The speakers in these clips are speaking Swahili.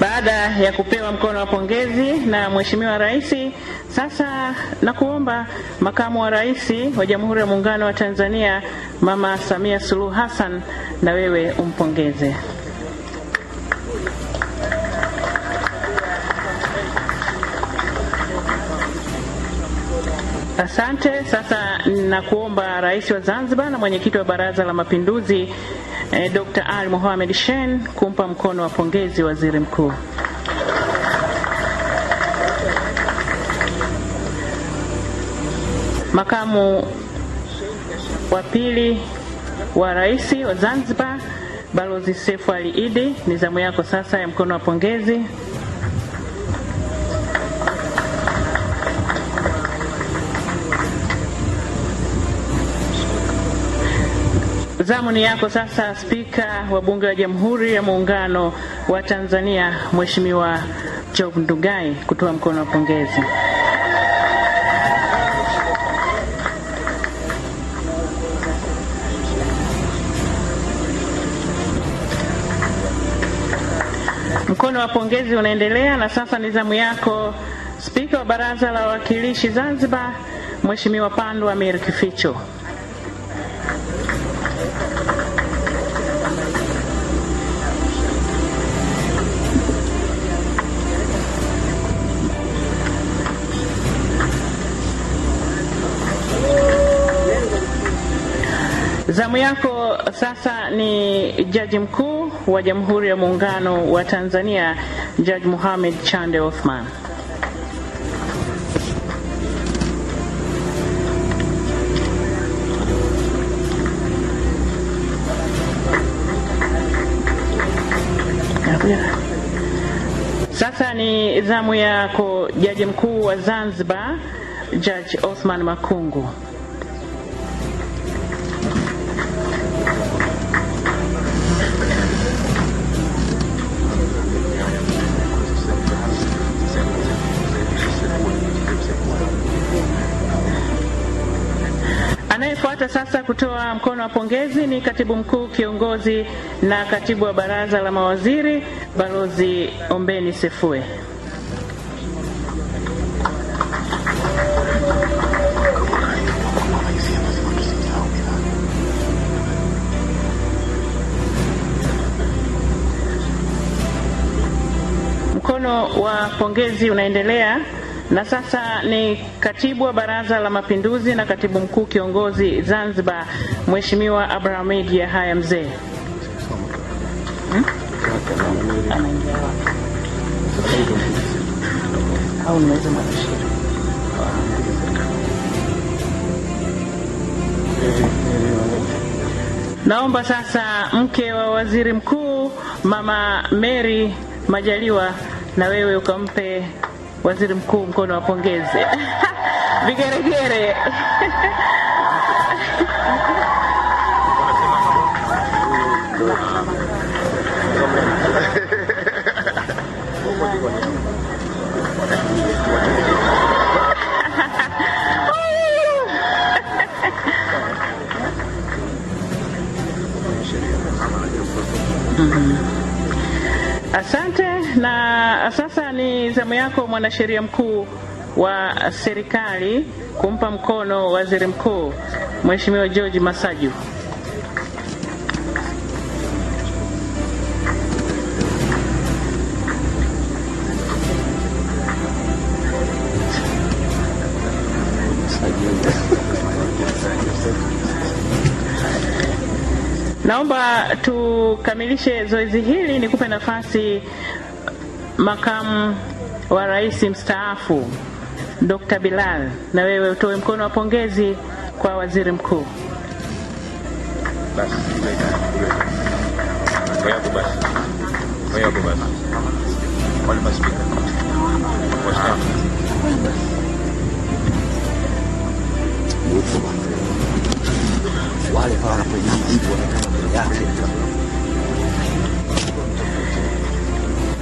Baada ya kupewa mkono wa pongezi na Mheshimiwa Rais, sasa nakuomba Makamu wa Rais wa Jamhuri ya Muungano wa Tanzania Mama Samia Suluhu Hassan na wewe umpongeze. Asante. Sasa nakuomba Rais wa Zanzibar na Mwenyekiti wa Baraza la Mapinduzi eh, Dr. Ali Mohamed Shein kumpa mkono wa pongezi waziri mkuu. Makamu wa pili wa rais wa Zanzibar Balozi sefu Ali Idi, ni zamu yako sasa ya mkono wa pongezi. Zamu ni yako sasa, Spika wa Bunge la Jamhuri ya Muungano wa Tanzania Mheshimiwa Job Ndugai kutoa mkono wa pongezi. Mkono wa pongezi unaendelea, na sasa ni zamu yako Spika wa Baraza la Wawakilishi Zanzibar, Mheshimiwa Pandu Amir Kificho. Zamu yako sasa ni Jaji Mkuu wa Jamhuri ya Muungano wa Tanzania, Jaji Mohamed Chande Othman. Sasa ni zamu yako Jaji Mkuu wa Zanzibar, Jaji Othman Makungu. kutoa mkono wa pongezi ni katibu mkuu kiongozi na katibu wa baraza la mawaziri Balozi Ombeni Sefue. Mkono wa pongezi unaendelea. Na sasa ni katibu wa Baraza la Mapinduzi na katibu mkuu kiongozi Zanzibar, Mheshimiwa Abrahamid haya Mzee. Naomba sasa mke wa waziri mkuu Mama Mary Majaliwa na wewe ukampe waziri mkuu mkono wa pongezi vigeregere Mm-hmm. Asante. Na sasa ni zamu yako mwanasheria mkuu wa serikali kumpa mkono waziri mkuu Mheshimiwa George Masaju. Naomba tukamilishe zoezi hili, nikupe nafasi makamu wa rais mstaafu Dr. Bilal, na wewe utoe mkono wa pongezi kwa waziri mkuu. Mheshimiwa Spika,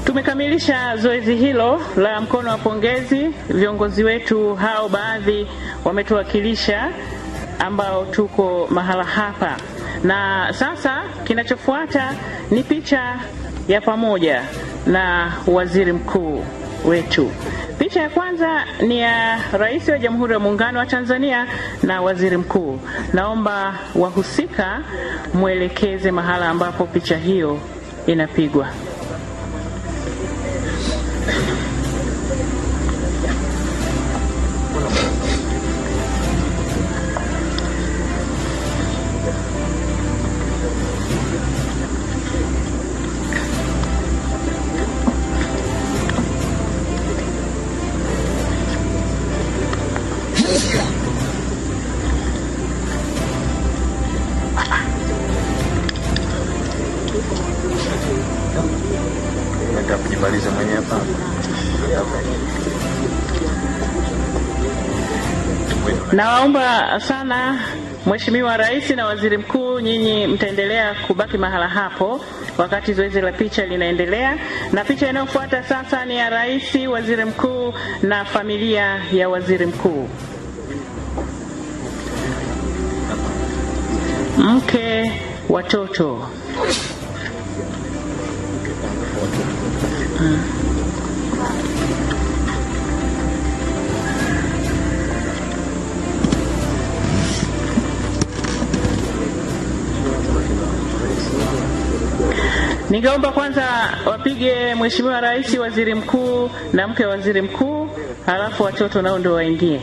Tumekamilisha zoezi hilo la mkono wa pongezi. Viongozi wetu hao baadhi wametuwakilisha ambao tuko mahala hapa, na sasa kinachofuata ni picha ya pamoja na waziri mkuu wetu. Picha ya kwanza ni ya Rais wa Jamhuri ya Muungano wa Tanzania na waziri mkuu. Naomba wahusika mwelekeze mahala ambapo picha hiyo inapigwa. Thank you. Nawaomba sana Mheshimiwa Rais na Waziri Mkuu, nyinyi mtaendelea kubaki mahala hapo wakati zoezi la picha linaendelea, na picha inayofuata sasa ni ya Rais, Waziri Mkuu na familia ya Waziri Mkuu. Mke, watoto. Hmm. Ningeomba kwanza wapige Mheshimiwa Rais, Waziri Mkuu na mke wa Waziri Mkuu, halafu watoto nao ndio waingie.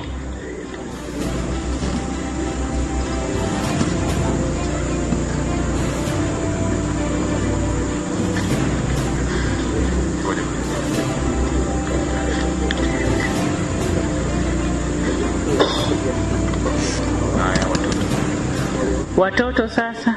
Watoto sasa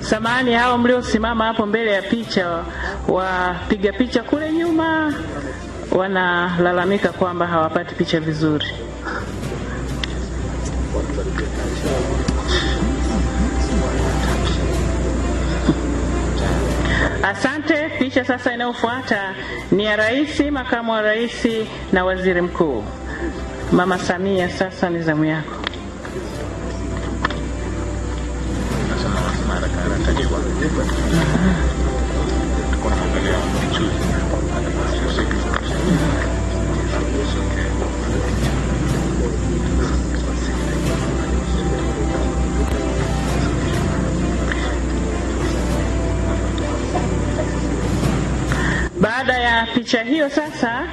samani hao mliosimama hapo mbele ya picha, wapiga picha kule nyuma wanalalamika kwamba hawapati picha vizuri. Asante. Picha sasa inayofuata ni ya rais, makamu wa rais na waziri mkuu. Mama Samia, sasa ni zamu yako. Baada ya picha hiyo sasa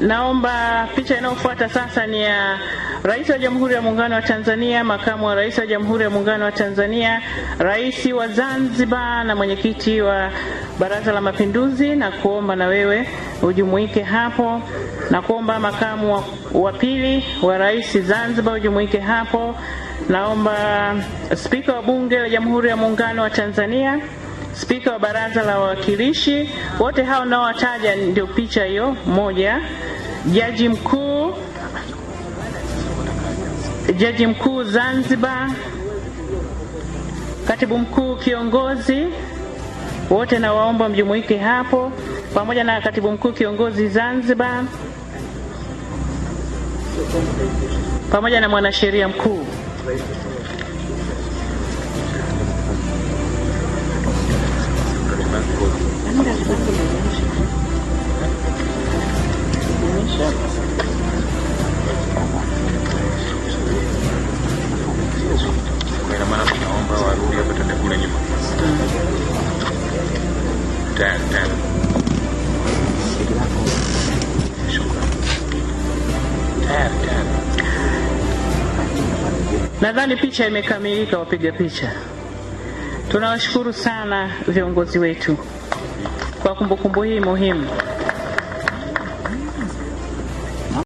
Naomba picha inayofuata sasa ni ya Rais wa Jamhuri ya Muungano wa Tanzania, Makamu wa Rais wa Jamhuri ya Muungano wa Tanzania, Rais wa Zanzibar na mwenyekiti wa Baraza la Mapinduzi, na kuomba na wewe ujumuike hapo, na kuomba makamu wa, wa pili wa Rais Zanzibar ujumuike hapo. Naomba Spika wa Bunge la Jamhuri ya Muungano wa Tanzania spika wa baraza la wawakilishi, wote hao unaowataja ndio picha hiyo moja, jaji mkuu, jaji mkuu Zanzibar, katibu mkuu kiongozi, wote nawaomba mjumuike hapo pamoja na katibu mkuu kiongozi Zanzibar pamoja na mwanasheria mkuu. Nadhani picha imekamilika, wapiga picha. Tunawashukuru sana viongozi wetu kwa kumbukumbu hii muhimu.